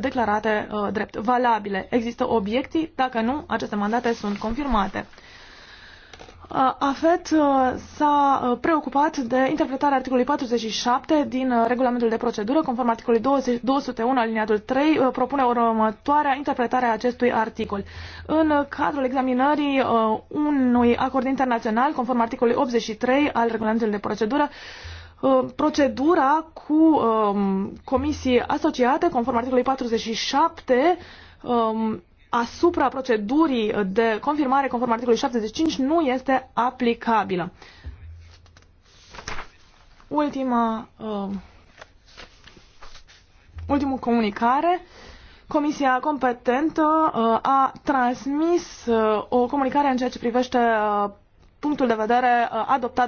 declarate uh, drept valabile. Există obiecții? Dacă nu, aceste mandate sunt confirmate. Uh, AFET uh, s-a uh, preocupat de interpretarea articolului 47 din uh, regulamentul de procedură, conform articolului 20, 201 aliniatul 3, uh, propune următoarea interpretare a acestui articol. În cadrul examinării unui acord internațional, conform articolului 83 al regulamentului de procedură, Uh, procedura cu um, comisii asociate, conform articolului 47, um, asupra procedurii de confirmare, conform articolului 75, nu este aplicabilă. Ultima, uh, ultimul comunicare. Comisia competentă uh, a transmis uh, o comunicare în ceea ce privește uh, punctul de vedere uh, adoptat